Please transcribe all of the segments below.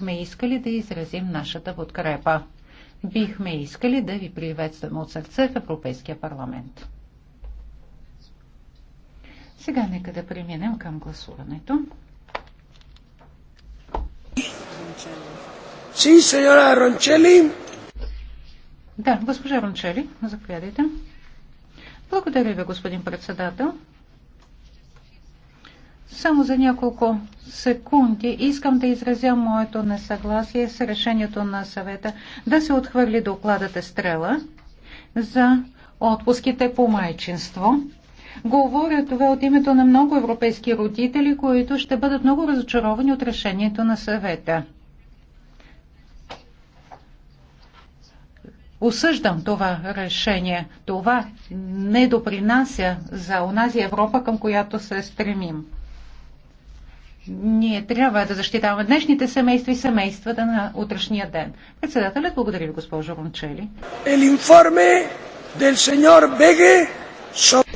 бихме искали да изразим нашата подкрепа. Бихме искали да ви приветстваме от сърце в Европейския парламент. Сега нека да преминем към гласуването. Си, сеньора Рончели. Да, госпожа Рончели, заповядайте. Благодаря ви, господин председател. Само за няколко секунди искам да изразя моето несъгласие с решението на съвета да се отхвърли докладът Естрела за отпуските по майчинство. Говоря това от името на много европейски родители, които ще бъдат много разочаровани от решението на съвета. осъждам това решение. Това не допринася за онази Европа, към която се стремим ние трябва да защитаваме днешните семейства и семействата на утрешния ден. Председателят, благодаря ви, госпожо Рончели.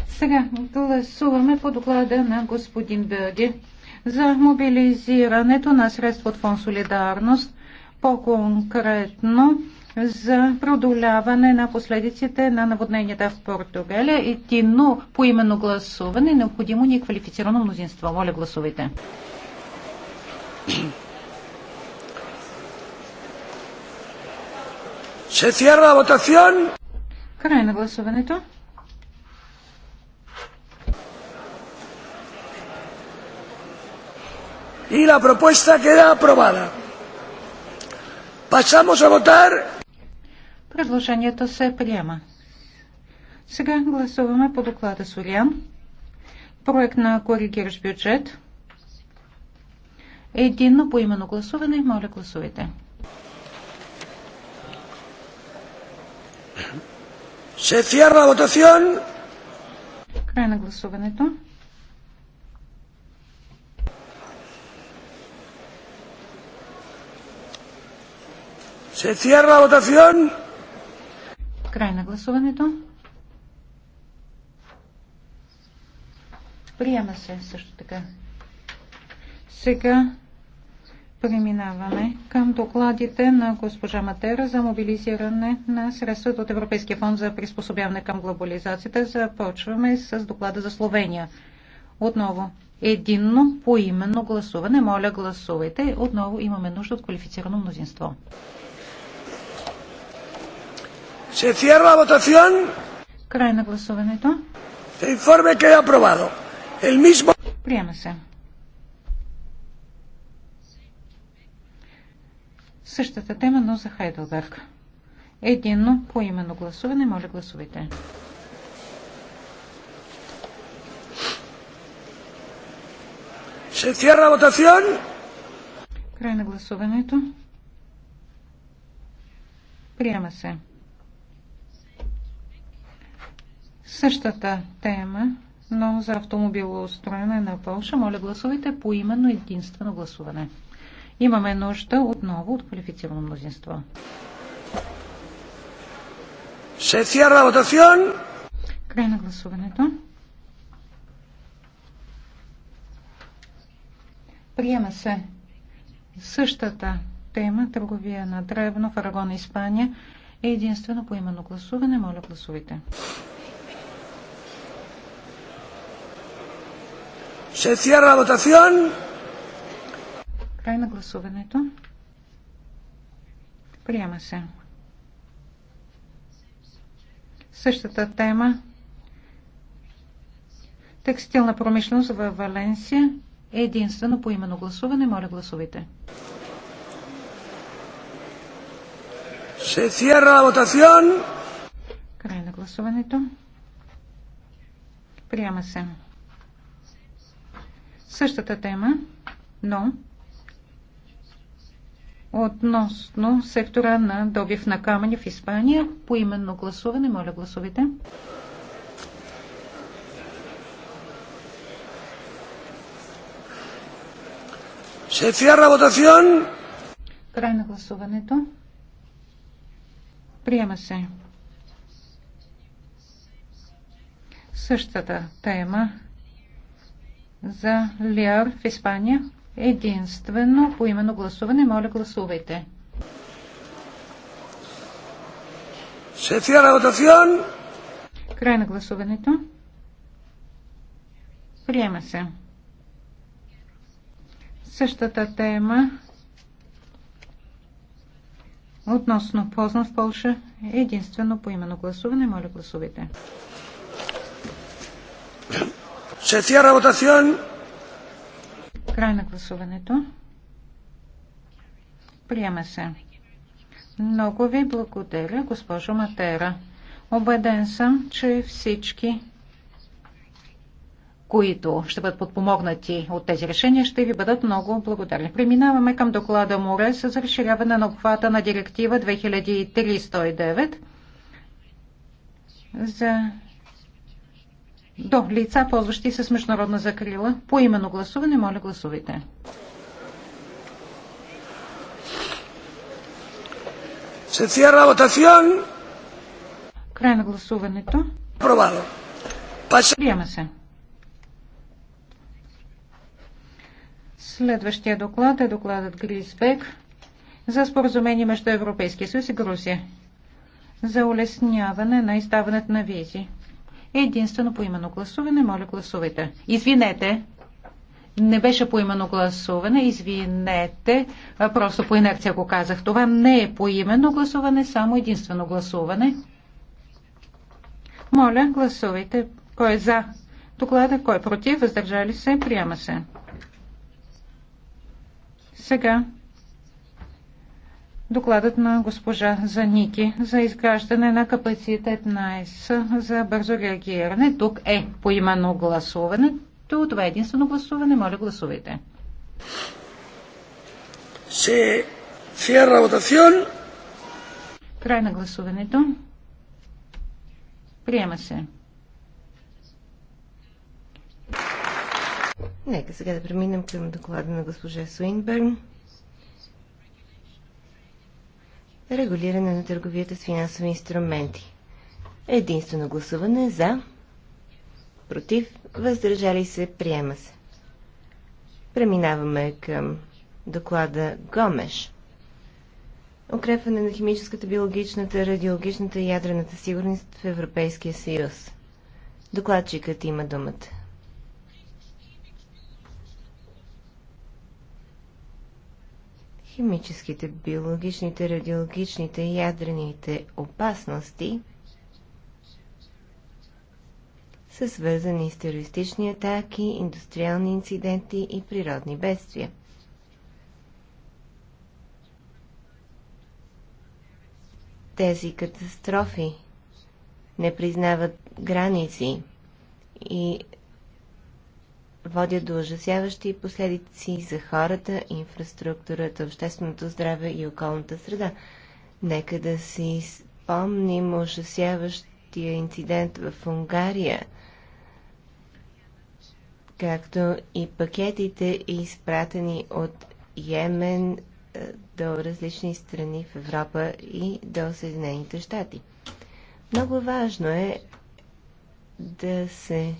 Сега гласуваме по доклада на господин Беге за мобилизирането на средства от фонд Солидарност, по-конкретно за преодоляване на последиците на наводненията в Португалия. и тино по именно гласуване. Необходимо ни е квалифицирано мнозинство. Моля, гласувайте. Се cierra votación. Край на гласуването. И la propuesta queda aprobada. Pasamos a votar Предложението се приема. Сега гласуваме по доклада Солян. Проект на коригираш бюджет. Единно по именно гласуване. Моля, гласувайте. Се cierra votación. Край на гласуването. Се cierra votación. Край на гласуването. Приема се също така. Сега преминаваме към докладите на госпожа Матера за мобилизиране на средствата от Европейския фонд за приспособяване към глобализацията. Започваме с доклада за Словения. Отново единно поименно гласуване. Моля, гласувайте. Отново имаме нужда от квалифицирано мнозинство. Се cierra la votación. Край на гласуването. que aprobado. El mismo... Приема се. Същата тема, но за Хайдълберг. Единно по именно гласуване. Моля гласувайте. Се cierra votación. Край на гласуването. Приема се. Същата тема, но за автомобилоустроене на Полша, моля гласувайте по именно единствено гласуване. Имаме нужда отново от квалифицирано мнозинство. Се цяра Край на гласуването. Приема се същата тема търговия на древно в Арагон, Испания е единствено по именно гласуване. Моля гласувайте. Се цяра la Край на гласуването. Приема се. Същата тема. Текстилна промишленост в Валенсия е единствено по именно гласуване. Моля гласувайте. Се цяра la Край на гласуването. Приема се същата тема, но относно сектора на добив на камъни в Испания. По именно гласуване, моля гласовите. Се Край на гласуването. Приема се. Същата тема за Лиар в Испания. Единствено по именно гласуване. Моля, гласувайте. Се Край на гласуването. Приема се. Същата тема относно Позна в Польша единствено по именно гласуване. Моля, гласувайте. Се Край на гласуването. Приема се. Много ви благодаря, госпожо Матера. Обеден съм, че всички, които ще бъдат подпомогнати от тези решения, ще ви бъдат много благодарни. Преминаваме към доклада Море за разширяване на обхвата на директива 2309 за до лица, ползващи се с международна закрила. По именно гласуване, моля гласувайте. Се cierra Край на гласуването. Провало. Приема се. Следващия доклад е докладът Грисбек за споразумение между Европейския съюз и Грузия за улесняване на издаването на визи единствено по именно гласуване. Моля, гласувайте. Извинете, не беше по именно гласуване, извинете, просто по инерция го казах. Това не е по именно гласуване, само единствено гласуване. Моля, гласувайте. Кой е за доклада, кой е против, въздържали се, приема се. Сега докладът на госпожа Заники за изграждане на капацитет на ЕС за бързо реагиране. Тук е поименно гласуване. Това е единствено гласуване. Моля, гласувайте. Се сиерра votación. Край на гласуването. Приема се. Нека сега да преминем към доклада на госпожа Суинберн. регулиране на търговията с финансови инструменти. Единствено гласуване за, против, въздържали се, приема се. Преминаваме към доклада Гомеш. Укрепване на химическата, биологичната, радиологичната и ядрената сигурност в Европейския съюз. Докладчикът има думата. химическите, биологичните, радиологичните и ядрените опасности са свързани с терористични атаки, индустриални инциденти и природни бедствия. Тези катастрофи не признават граници и водят до ужасяващи последици за хората, инфраструктурата, общественото здраве и околната среда. Нека да си спомним ужасяващия инцидент в Унгария, както и пакетите, изпратени от Йемен е, до различни страни в Европа и до Съединените щати. Много важно е да се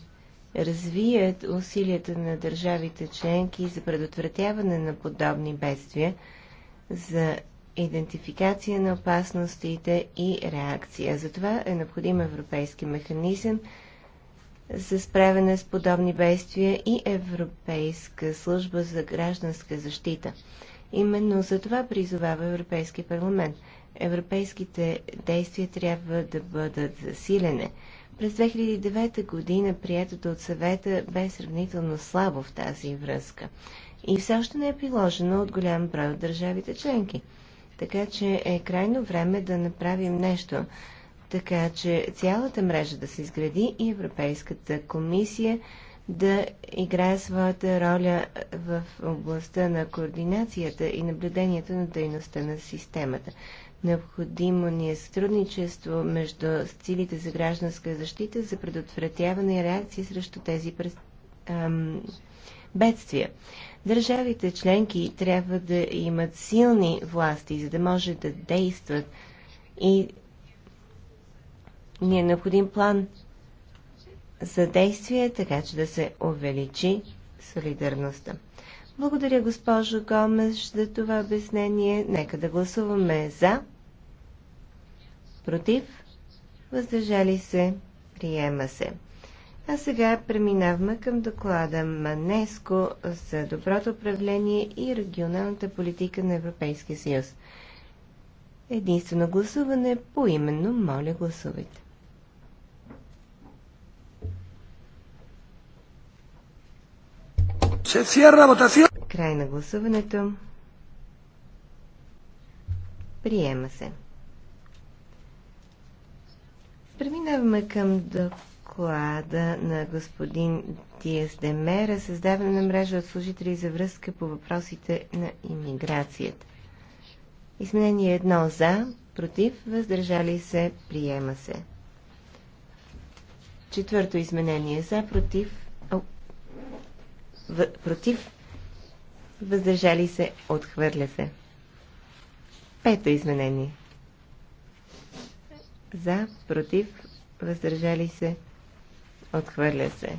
развият усилията на държавите членки за предотвратяване на подобни бедствия, за идентификация на опасностите и реакция. Затова е необходим европейски механизъм за справяне с подобни бедствия и Европейска служба за гражданска защита. Именно за това призовава Европейски парламент. Европейските действия трябва да бъдат засилени. През 2009 година приетото от съвета бе сравнително слабо в тази връзка и все още не е приложено от голям брой от държавите членки. Така че е крайно време да направим нещо, така че цялата мрежа да се изгради и Европейската комисия да играе своята роля в областта на координацията и наблюдението на дейността на системата. Необходимо ни е сътрудничество между силите за гражданска защита за предотвратяване и реакции срещу тези през, ам... бедствия. Държавите членки трябва да имат силни власти, за да може да действат и ни е необходим план за действие, така че да се увеличи солидарността. Благодаря, госпожо Гомеш, за това обяснение. Нека да гласуваме за против, въздържали се, приема се. А сега преминаваме към доклада Манеско за доброто управление и регионалната политика на Европейския съюз. Единствено гласуване по именно моля гласувайте. Край на гласуването. Приема се. Преминаваме към доклада на господин Диас Демера, създаване на мрежа от служители за връзка по въпросите на иммиграцията. Изменение едно за, против, въздържали се, приема се. Четвърто изменение за, против, в, против, въздържали се, отхвърля се. Пето изменение – за, против, въздържали се, отхвърля се.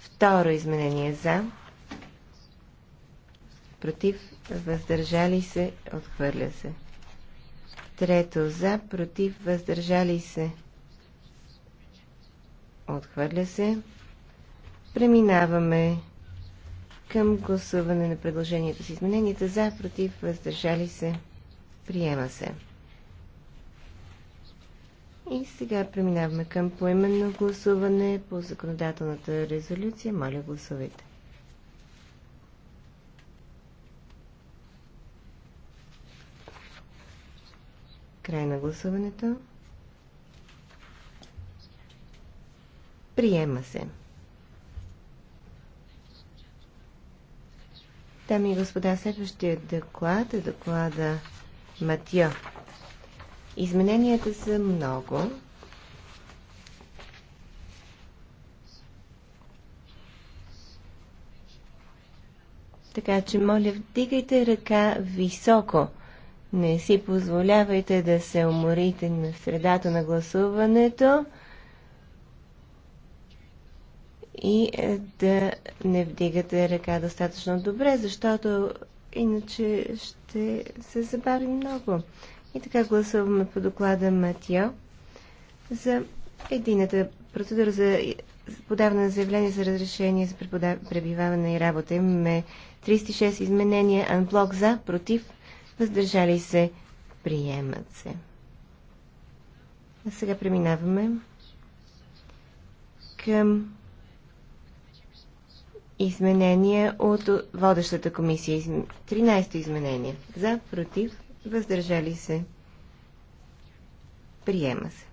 Второ изменение за, против, въздържали се, отхвърля се. Трето за, против, въздържали се, отхвърля се. Преминаваме към гласуване на предложението с измененията за, против, въздържали се, приема се. И сега преминаваме към поименно гласуване по законодателната резолюция. Моля, гласувайте. Край на гласуването. Приема се. Дами и господа, следващия доклад е доклада Матио. Измененията са много. Така че, моля, вдигайте ръка високо. Не си позволявайте да се уморите на средата на гласуването и е, да не вдигате ръка достатъчно добре, защото иначе ще се забави много. И така гласуваме по доклада Матио за едината процедура за подаване на заявление за разрешение за пребиваване и работа. Имаме 36 изменения, анблок за, против, въздържали се, приемат се. А сега преминаваме към изменения от водещата комисия. 13 изменения. За, против, въздържали се, приема се.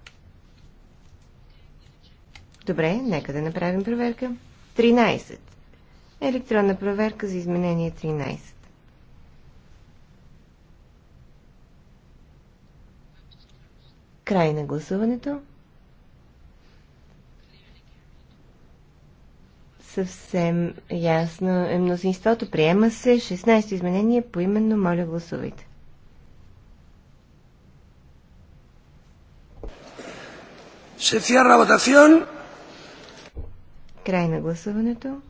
Добре, нека да направим проверка. 13. Електронна проверка за изменение 13. Край на гласуването. Съвсем ясно е мнозинството. Приема се 16 изменения, по именно. Моля гласувайте. Се cierra ватацион. Край на гласуването.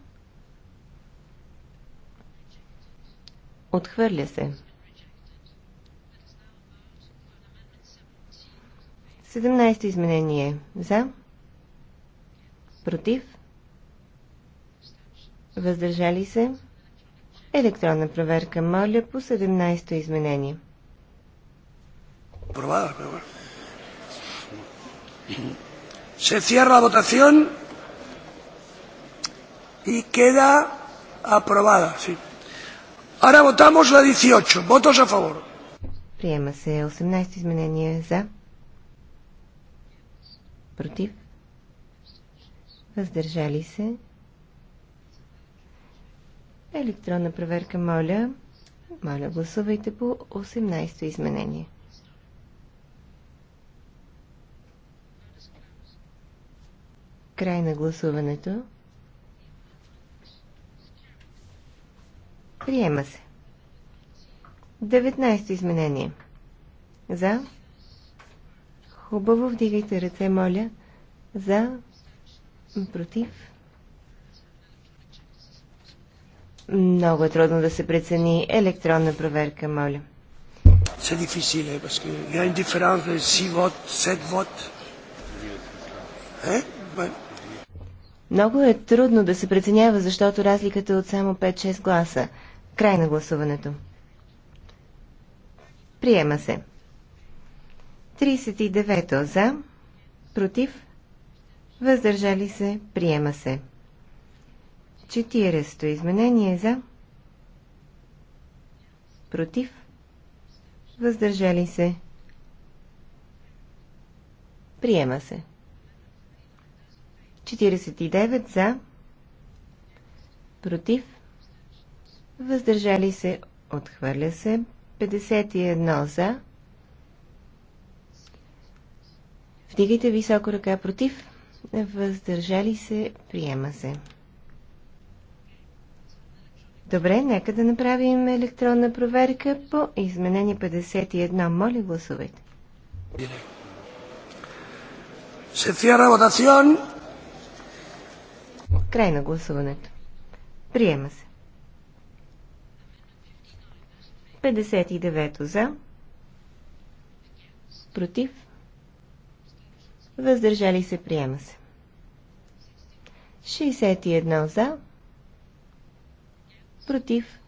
Отхвърля се. 17 изменение. За. Против. Въздържали се. Електронна проверка. Моля по 17-то изменение. Провада, провада se cierra la votación y queda aprobada. Sí. Ahora votamos la 18. Votos a favor. Приема се 18 изменения за. Против. Въздържали се. Електронна проверка, моля. Моля, гласувайте по 18 изменение. Край на гласуването. Приема се. 19 изменение. За. Хубаво вдигайте ръце, моля. За. Против. Много е трудно да се прецени електронна проверка, моля. Се дефисиле, е, паски. Я y a une différence de 6 votes, много е трудно да се преценява, защото разликата е от само 5-6 гласа. Край на гласуването. Приема се. 39 за, против, въздържали се, приема се. 40 изменение за, против, въздържали се, приема се. 49 за, против, въздържали се, отхвърля се, 51 за. Вдигайте високо ръка против, въздържали се, приема се. Добре, нека да направим електронна проверка по изменение 51. Моля, гласувайте. Се цяра Край на гласуването. Приема се. 59 за. Против. Въздържали се. Приема се. 61 за. Против.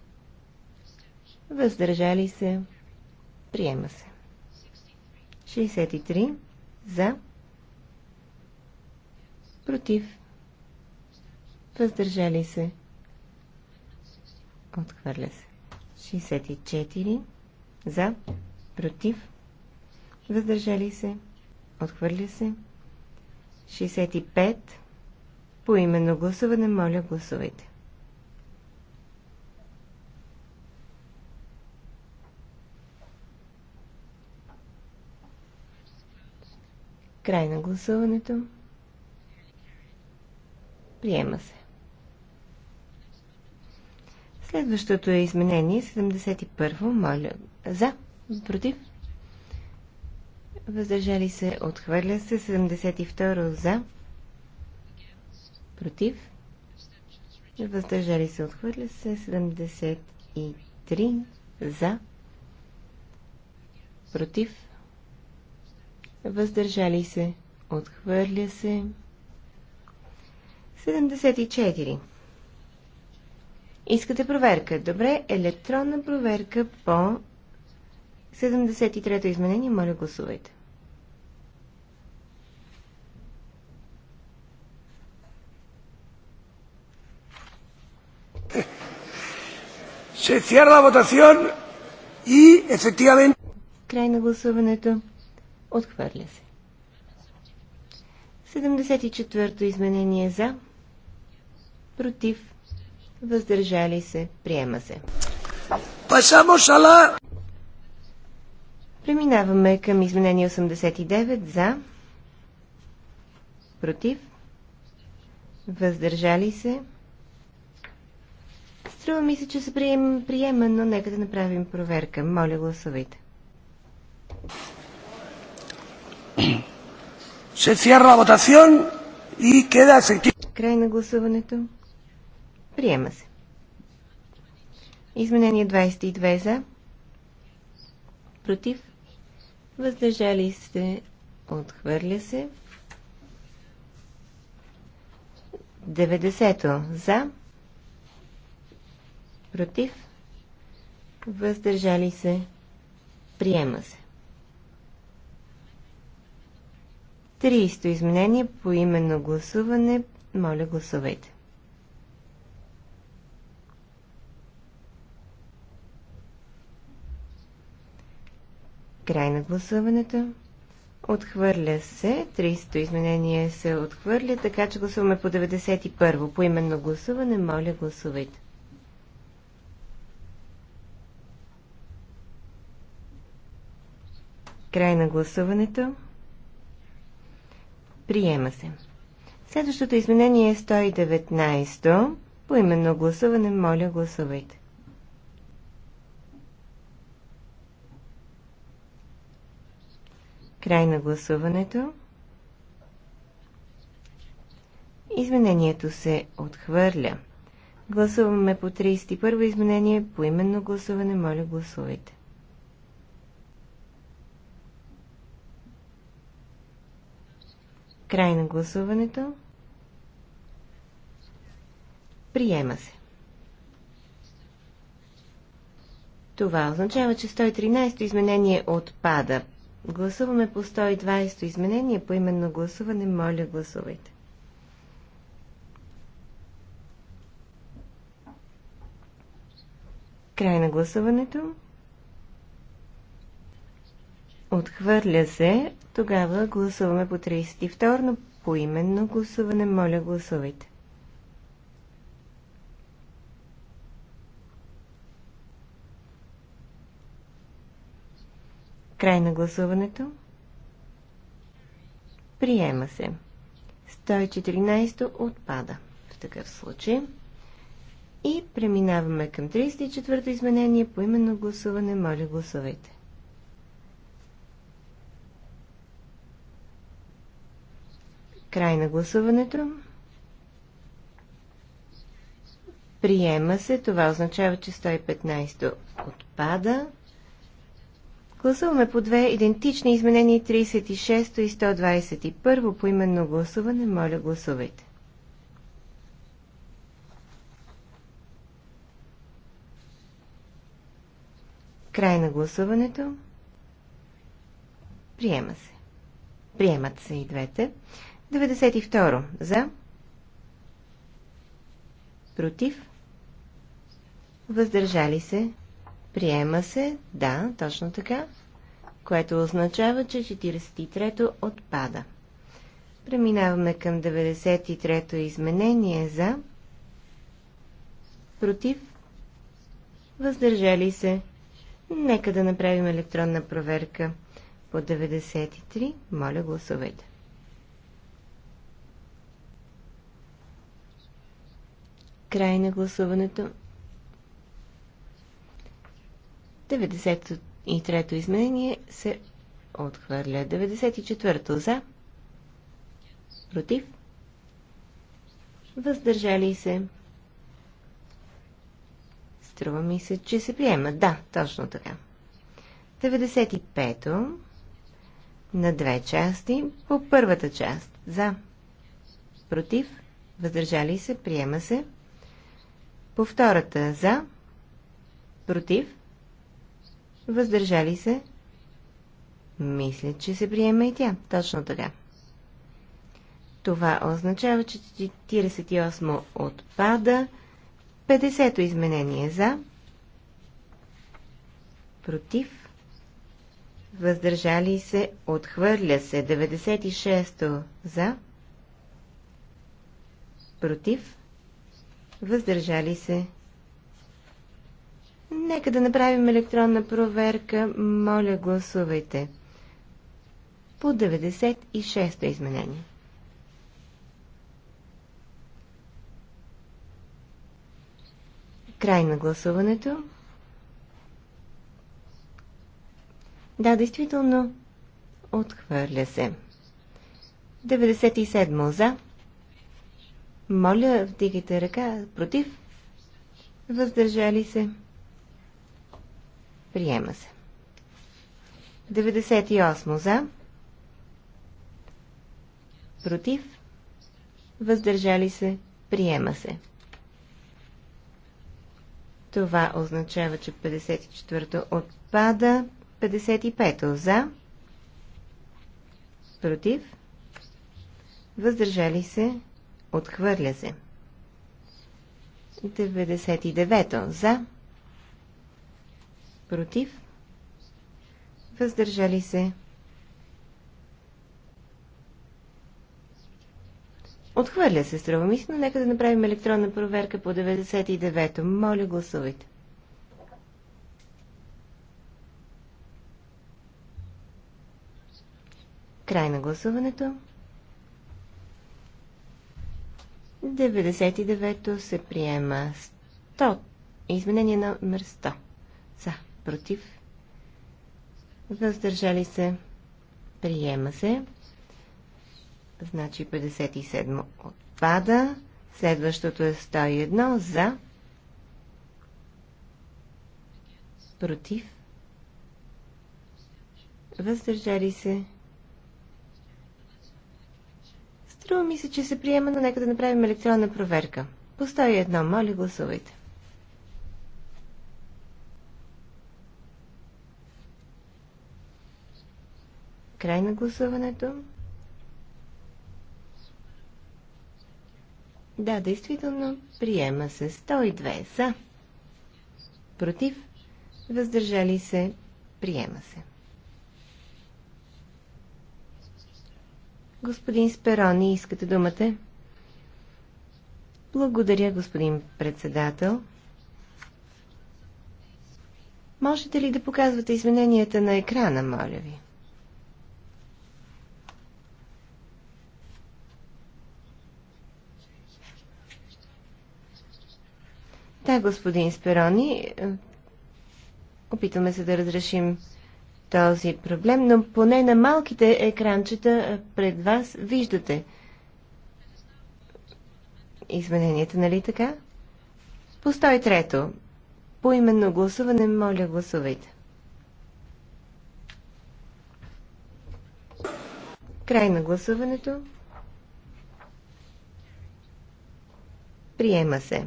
Въздържали се. Приема се. 63 за. Против въздържали се, отхвърля се. 64 за, против, въздържали се, отхвърля се. 65 по именно гласуване, моля гласувайте. Край на гласуването. Приема се. Следващото е изменение 71. Моля. За. Против. Въздържали се. Отхвърля се. 72. За. Против. Въздържали се. Отхвърля се. 73. За. Против. Въздържали се. Отхвърля се. 74. Искате проверка. Добре, електронна проверка по 73-то изменение. Моля, гласувайте. Се cierra вотацион и ефективен. Край на гласуването. Отхвърля се. 74-то изменение за. Против въздържали се, приема се. Преминаваме към изменение 89 за, против, въздържали се. Струва ми се, че се прием, приема, но нека да направим проверка. Моля, гласувайте. Се цяра ротацион и кеда queda Край на гласуването. Приема се. Изменение 22 за. Против. Въздържали се. Отхвърля се. 90 за. Против. Въздържали се. Приема се. 30 изменение по именно гласуване. Моля, гласувайте. Край на гласуването. Отхвърля се. 300 изменение се отхвърля, така че гласуваме по 91-во. По именно гласуване, моля гласувайте. Край на гласуването. Приема се. Следващото изменение е 119. По именно гласуване, моля гласувайте. Край на гласуването. Изменението се отхвърля. Гласуваме по 31 изменение, по именно гласуване, моля гласувайте. Край на гласуването. Приема се. Това означава, че 113 изменение отпада. Гласуваме по 120 изменение по именно гласуване. Моля, гласувайте. Край на гласуването. Отхвърля се. Тогава гласуваме по 32, но по именно гласуване. Моля, гласувайте. Край на гласуването. Приема се. 114 отпада в такъв случай. И преминаваме към 34-то изменение по именно гласуване. Моля, гласувайте. Край на гласуването. Приема се. Това означава, че 115 отпада. Гласуваме по две идентични изменения 36 и 121 по именно гласуване. Моля, гласувайте. Край на гласуването. Приема се. Приемат се и двете. 92. За. Против. Въздържали се. Приема се, да, точно така, което означава, че 43-то отпада. Преминаваме към 93-то изменение за против въздържали се. Нека да направим електронна проверка по 93. Моля, гласувайте. Край на гласуването. 93-то изменение се отхвърля. 94-то за. Против. Въздържали се. Струва ми се, че се приема. Да, точно така. 95-то на две части. По първата част. За. Против. Въздържали се. Приема се. По втората. За. Против. Въздържали се? Мисля, че се приема и тя. Точно така. Това означава, че 48 отпада. 50-то изменение за. Против. Въздържали се. Отхвърля се. 96-то за. Против. Въздържали се. Нека да направим електронна проверка. Моля, гласувайте. По 96-то изменение. Край на гласуването. Да, действително, отхвърля се. 97 за. Моля, вдигайте ръка. Против. Въздържали се. Приема се. 98 за. Против. Въздържали се. Приема се. Това означава, че 54-то отпада. 55-то за. Против. Въздържали се. Отхвърля се. 99-то за против, въздържали се. Отхвърля се, струва нека да направим електронна проверка по 99-то. Моля, гласувайте. Край на гласуването. 99-то се приема 100. Изменение номер 100. За против, въздържали се, приема се. Значи 57 отпада. Следващото е 101 за, против, въздържали се. Струва ми се, че се приема, но нека да направим електронна проверка. По 101, моля гласувайте. Край на гласуването. Да, действително, приема се 102 за. Против, въздържали се, приема се. Господин Сперони, искате думата? Благодаря, господин председател. Можете ли да показвате измененията на екрана, моля ви? Да, е, господин Сперони, е, опитваме се да разрешим този проблем, но поне на малките екранчета е, пред вас виждате измененията, нали така? По 103 По именно гласуване, моля, гласувайте. Край на гласуването. Приема се.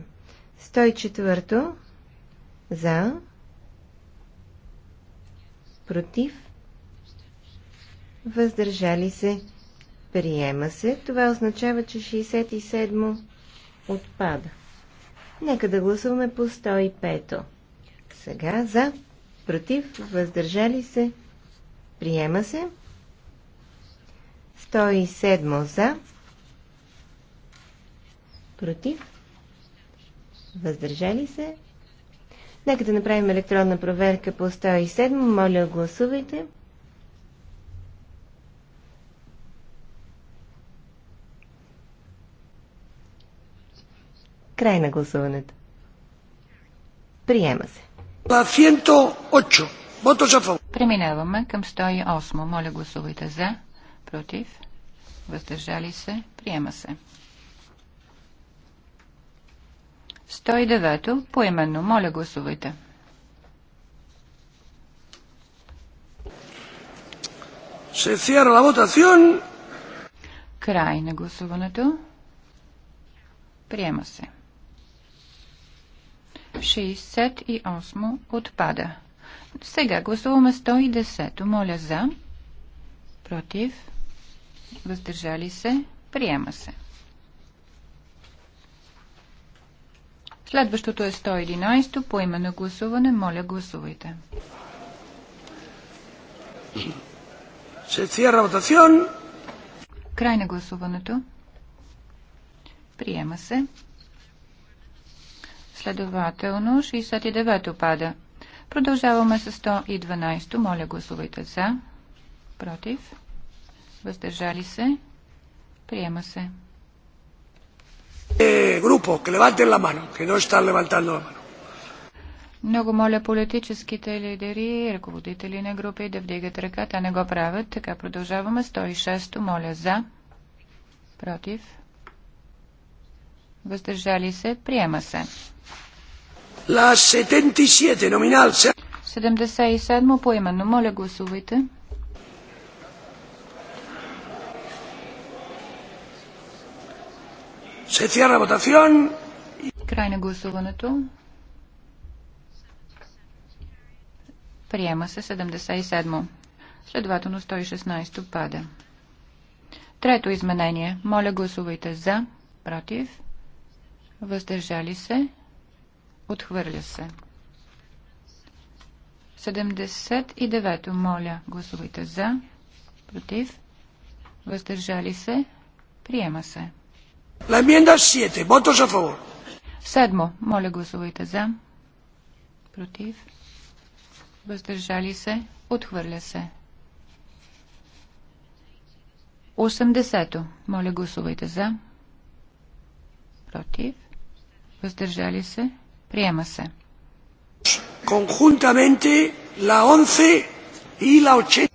104 за, против, въздържали се, приема се. Това означава, че 67 отпада. Нека да гласуваме по 105. Сега за, против, въздържали се, приема се. 107 за, против, въздържали се. Нека да направим електронна проверка по 107. Моля, гласувайте. Край на гласуването. Приема се. 108. Преминаваме към 108. Моля гласувайте за, против, въздържали се, приема се. 109-то поименно. Моля гласувайте. Се cierra la votación. Край на гласуването. Приема се. 68 отпада. Сега гласуваме 110. Моля за. Против. Въздържали се. Приема се. Следващото е 111-то по на гласуване. Моля, гласувайте. Се цierra Край на гласуването. Приема се. Следователно 69-то пада. Продължаваме с 112-то. Моля, гласувайте за. Против. Въздържали се. Приема се. Групо, eh, Много моля политическите лидери, и ръководители на групи да вдигат ръка. Те не го правят. Така продължаваме. 106-то. Моля за. Против. Въздържали се. Приема се. La 77 номинал. 77 поименно. Моля гласувайте. Се цяра Край на гласуването. Приема се 77. Следователно 116 пада. Трето изменение. Моля гласувайте за, против, въздържали се, отхвърля се. 79. Моля гласувайте за, против, въздържали се, приема се. Седмо. Моля гласувайте за. Против. Въздържали се. Отхвърля се. 80 Моля гласувайте за. Против. Въздържали се. Приема се. Конjunтаменте la 11 и la 80.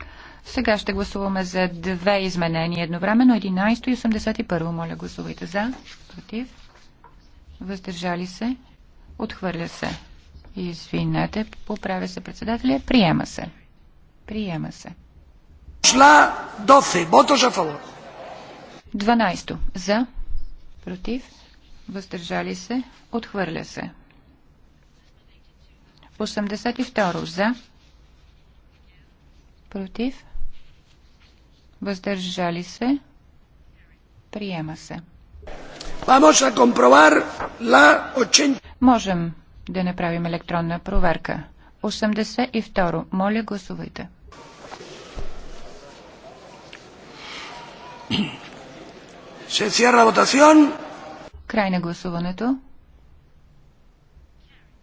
Сега ще гласуваме за две изменения едновременно, 11 и 81. Моля, гласувайте за, против, въздържали се, отхвърля се. Извинете, поправя се председателя, приема се. Приема се. Шла 12. Бото жафало. 12. За, против, въздържали се, отхвърля се. 82. За, против, въздържали се, приема се. Vamos a comprobar la 80. Можем да направим електронна проверка. 82. Моля, гласувайте. Се cierra вотацион. Край на гласуването.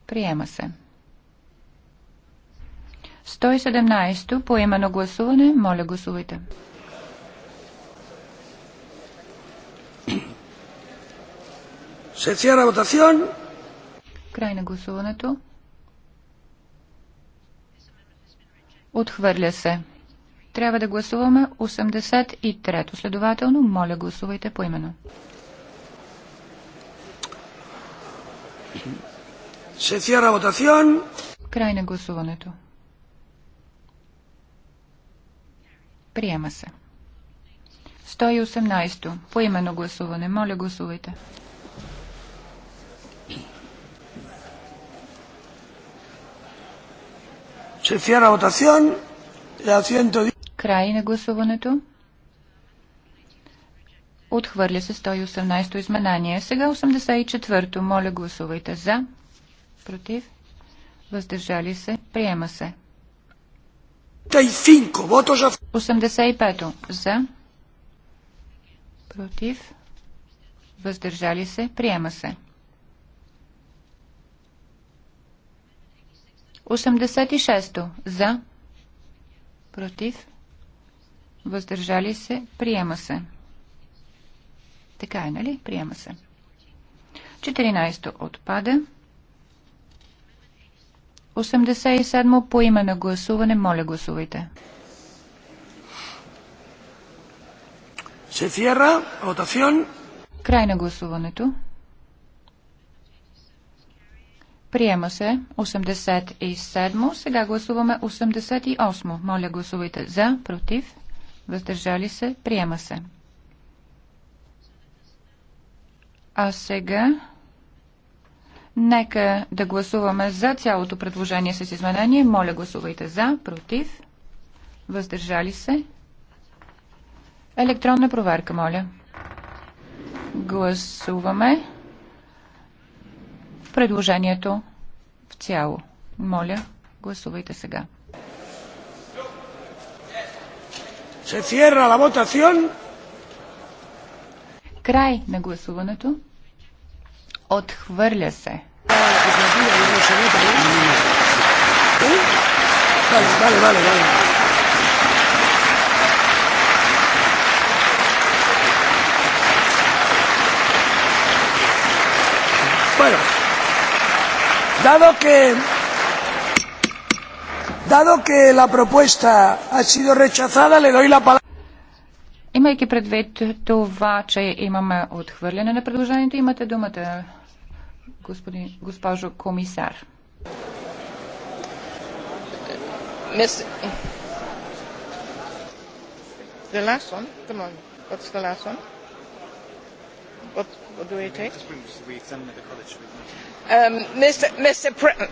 Приема се. 117. Поимено гласуване. Моля, гласувайте. Край на гласуването. Отхвърля се. Трябва да гласуваме 83-то. Следователно, моля гласувайте по именно. Се cierra Край на гласуването. Приема се. 118. По именно гласуване. Моля, гласувайте. Край на гласуването. Отхвърля се 118 изменание. Сега 84-то. Моля, гласувайте за. Против. Въздържали се. Приема се. 85-то. За против, въздържали се, приема се. 86 за, против, въздържали се, приема се. Така е, нали? Приема се. 14 отпада. 87 по име на гласуване, моля гласувайте. Се cierra votación. Край на гласуването. Приема се 87. Сега гласуваме 88. Моля гласувайте за, против, въздържали се, приема се. А сега нека да гласуваме за цялото предложение с изменение. Моля гласувайте за, против, въздържали се, Електронна проверка, моля. Гласуваме предложението в цяло. Моля, гласувайте сега. Се cierra la votación. Край на гласуването. Отхвърля се. Vale, vale, vale, vale. Bueno, dado que, dado que la propuesta ha sido rechazada, le doy la palabra. Имайки предвид това, че имаме отхвърляне на предложението, имате думата, господин, госпожо комисар. The last one? Come on. What's the last one? What? Um,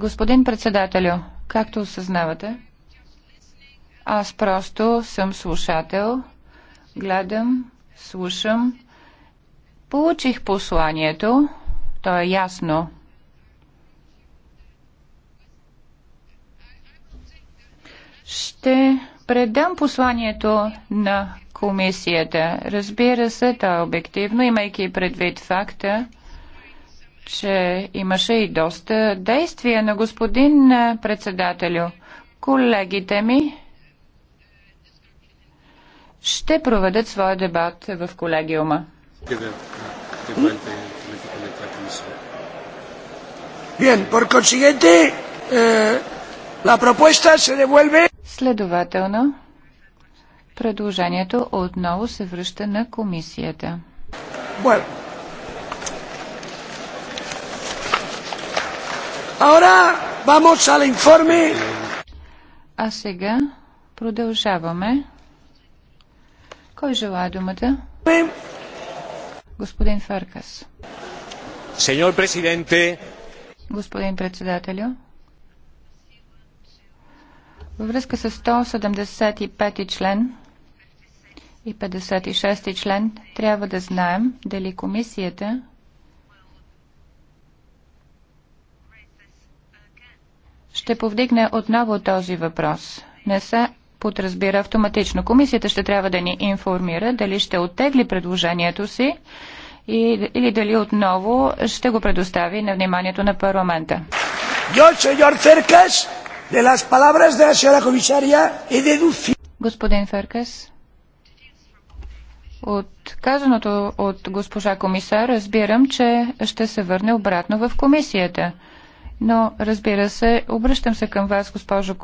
Господин председателю, както осъзнавате, аз просто съм слушател, гледам, слушам. Получих посланието, то е ясно. Ще предам посланието на комисията. Разбира се, то е обективно, имайки предвид факта, че имаше и доста действия на господин председателю. Колегите ми ще проведат своя дебат в колегиума. Bien, por consiguiente, eh, la propuesta se devuelve. Следователно, Предложението отново се връща на комисията. Bueno. А сега продължаваме. Кой желая думата? Господин Фаркас. Сеньор президенте. Господин председателю. Във връзка с 175 член и 56 член трябва да знаем дали комисията ще повдигне отново този въпрос. Не се подразбира автоматично. Комисията ще трябва да ни информира дали ще оттегли предложението си и, или дали отново ще го предостави на вниманието на парламента. Господин Феркес, от казаното от госпожа комисар разбирам, че ще се върне обратно в комисията. Но разбира се, обръщам се към вас, госпожо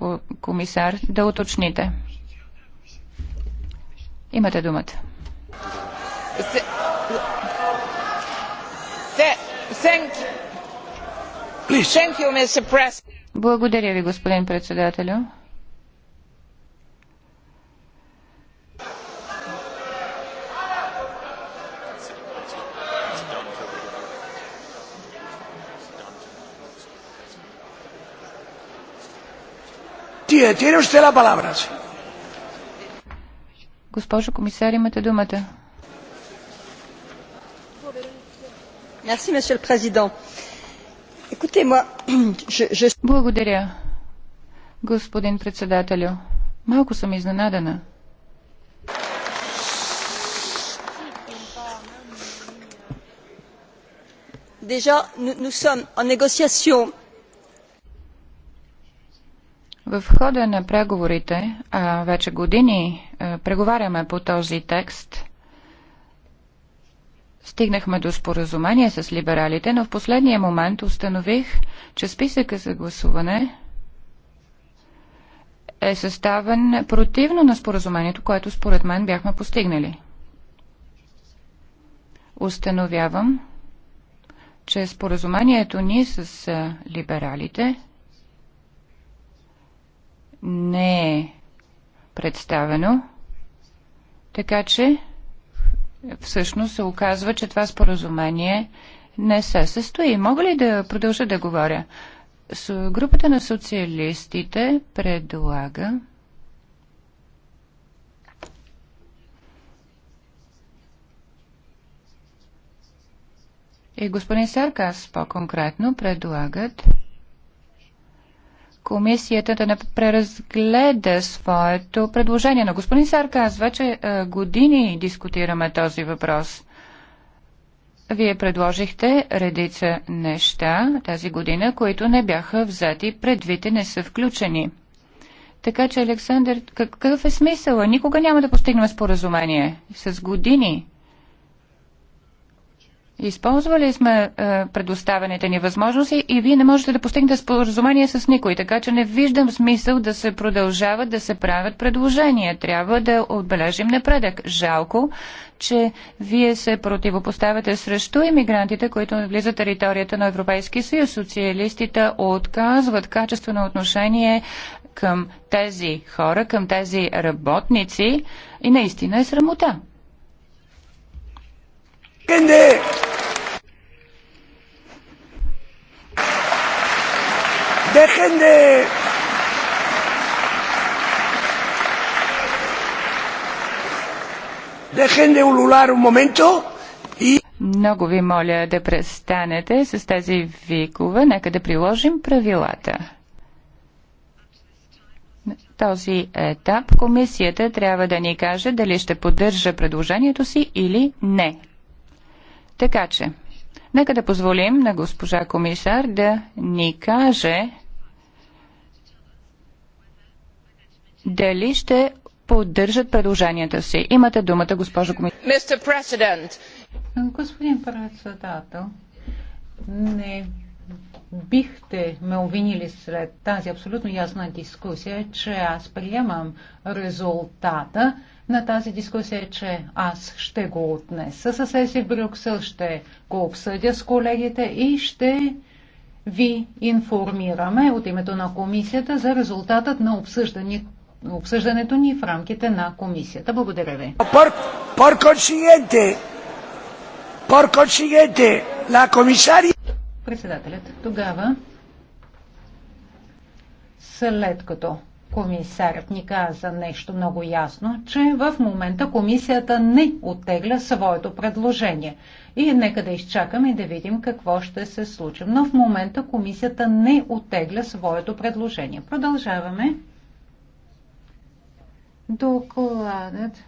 комисар, да уточните. Имате думата. Благодаря ви, господин председателю. Тие, тие още ла палабра. Госпожо комисар, имате думата. Merci, monsieur le président. Écoutez, Благодаря, господин председателю. Малко съм изненадана. Déjà, ние сме в en в хода на преговорите, а вече години преговаряме по този текст, стигнахме до споразумение с либералите, но в последния момент установих, че списъка за гласуване е съставен противно на споразумението, което според мен бяхме постигнали. Установявам, че споразумението ни с либералите – не е представено. Така че всъщност се оказва, че това споразумение не се състои. Мога ли да продължа да говоря? С групата на социалистите предлага и господин Саркас по-конкретно предлагат комисията да не преразгледа своето предложение. Но господин Сарка, аз вече е, години дискутираме този въпрос. Вие предложихте редица неща тази година, които не бяха взети предвид и не са включени. Така че, Александър, какъв е смисъл? Никога няма да постигнем споразумение. С години Използвали сме а, е, предоставените ни възможности и вие не можете да постигнете споразумение с никой, така че не виждам смисъл да се продължават да се правят предложения. Трябва да отбележим напредък. Жалко, че вие се противопоставяте срещу иммигрантите, които влизат територията на Европейския съюз. Социалистите отказват качествено отношение към тези хора, към тези работници и наистина е срамота. Кънде? Dejen de... ulular un momento и... Много ви моля да престанете с тези викове. Нека да приложим правилата. На този етап комисията трябва да ни каже дали ще поддържа предложението си или не. Така че, нека да позволим на госпожа комисар да ни каже дали ще поддържат предложенията си. Имате думата, госпожо комисар. Господин председател, не бихте ме обвинили след тази абсолютно ясна дискусия, че аз приемам резултата на тази дискусия, е, че аз ще го отнеса със себе в Брюксел, ще го обсъдя с колегите и ще ви информираме от името на комисията за резултатът на обсъждането обсъждането ни в рамките на комисията. Благодаря ви. Председателят, тогава, след като Комисарът ни каза нещо много ясно, че в момента комисията не оттегля своето предложение. И нека да изчакаме да видим какво ще се случи. Но в момента комисията не оттегля своето предложение. Продължаваме. Докладът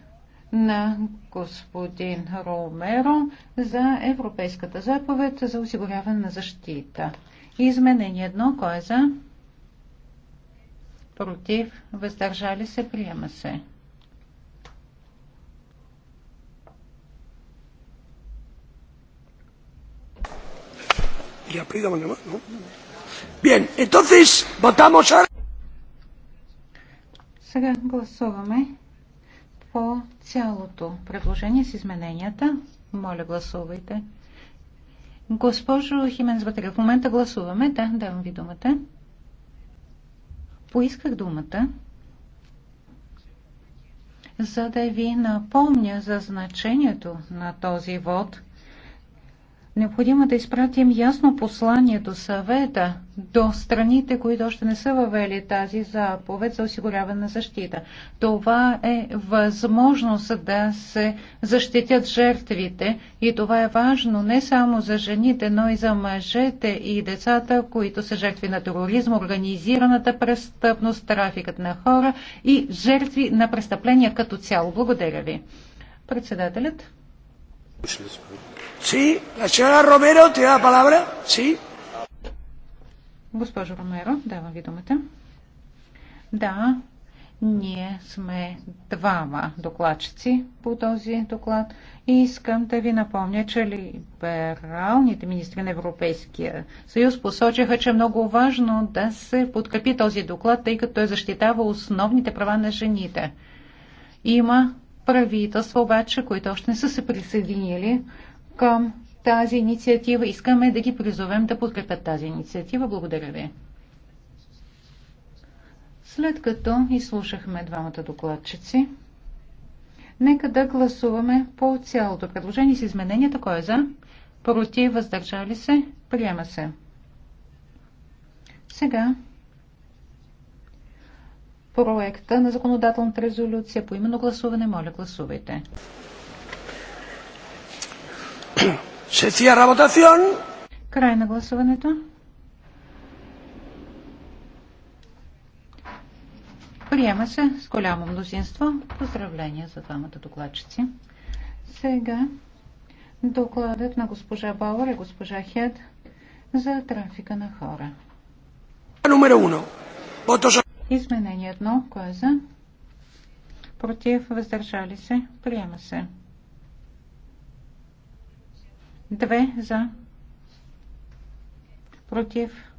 на господин Ромеро за Европейската заповед за осигуряване на защита. Изменение едно, кой е за? против, въздържали се, приема се. Сега гласуваме по цялото предложение с измененията. Моля, гласувайте. Госпожо Хименс в момента гласуваме. Да, давам ви думата. Поисках думата, за да ви напомня за значението на този вод – Необходимо е да изпратим ясно послание до съвета, до страните, които още не са въвели тази заповед за осигуряване на защита. Това е възможност да се защитят жертвите и това е важно не само за жените, но и за мъжете и децата, които са жертви на тероризма, организираната престъпност, трафикът на хора и жертви на престъпления като цяло. Благодаря ви. Председателят. Госпожо Ромеро, давам ви думата. Да, ние сме двама докладчици по този доклад и искам да ви напомня, че либералните министри на Европейския съюз посочиха, че е много важно да се подкрепи този доклад, тъй като той защитава основните права на жените. Има правителства обаче, които още не са се присъединили към тази инициатива. Искаме да ги призовем да подкрепят тази инициатива. Благодаря ви. След като изслушахме двамата докладчици, нека да гласуваме по цялото предложение с измененията. Кой е за? Против, въздържали се? Приема се. Сега проекта на законодателната резолюция по именно гласуване. Моля, гласувайте. Се cierra votación. Край на гласуването. Приема се с голямо мнозинство. Поздравления за двамата докладчици. Сега докладът на госпожа Бауър и госпожа Хед за трафика на хора. Изменение едно. Кое е за? Против. Въздържали се. Приема се. 2 за, против,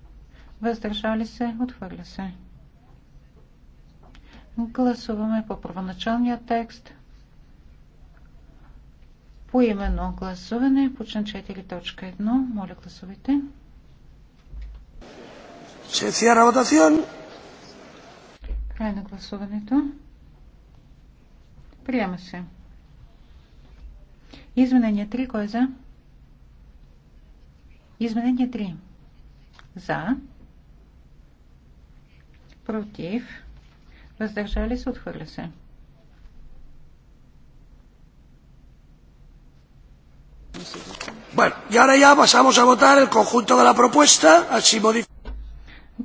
въздържали се, отхвърля се. Гласуваме по първоначалния текст. По именно гласуване по член 4.1. Моля гласувайте. Се цяра вотацион. Край на гласуването. Приема се. Изменение 3. Кой е за? Изменение 3. За. Против. Въздържали се, отхвърля се. Bueno, y ahora ya pasamos a votar el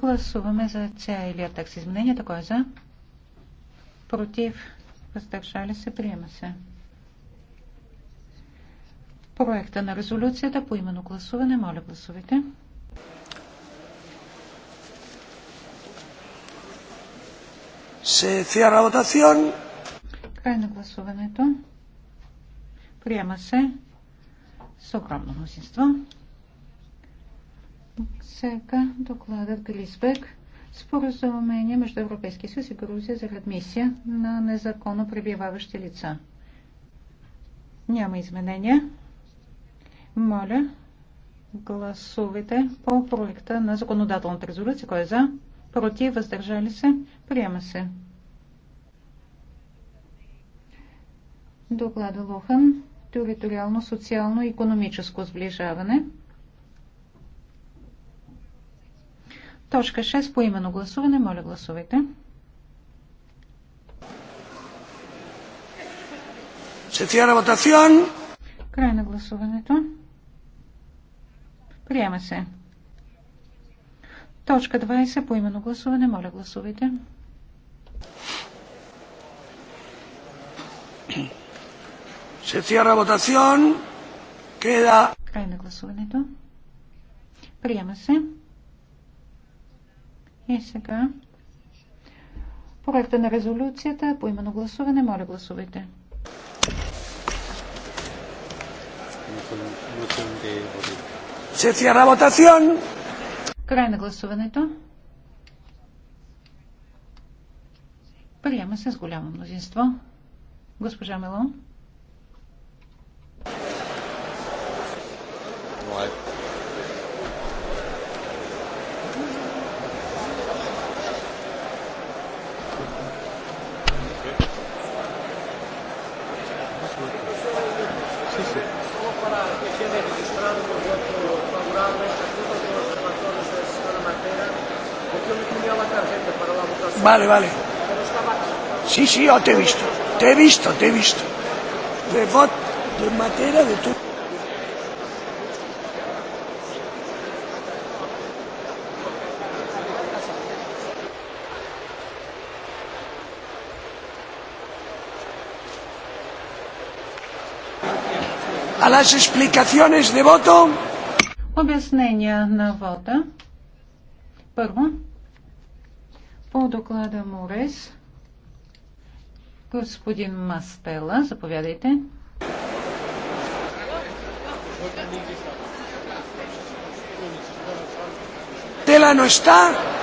Гласуваме за целият текст изменение. Такой е за. Против. Въздържали се. Приема се проекта на резолюцията по именно гласуване. Моля гласовете. Се фиара вотацион. Край на гласуването. Приема се с огромно мнозинство. Сега докладът Глисбек. Споразумение между Европейския съюз и Грузия за редмисия на незаконно пребиваващи лица. Няма изменения. Моля, гласувайте по проекта на законодателната резолюция. Кой е за? Против? Въздържали се? Приема се. Доклада Лохан. Териториално, социално и економическо сближаване. Точка 6. По гласуване. Моля, гласувайте. Се цяра Край на гласуването. Приема се. Точка 20 по именно гласуване. Моля гласувайте. Се cierra votación. Край на гласуването. Приема се. И сега проекта на резолюцията по именно гласуване. Моля гласувайте. Gracias. Се цяра votación. Край на гласуването. Приема се с голямо мнозинство. Госпожа Мелон. Right. Vale, vale. Sí, sí, yo te he visto. Te he visto, te he visto. De vot, de materia de tu. A las explicaciones de voto. Обяснения на вода. Първо. По доклада Морес, господин Мастела, заповядайте. Тела no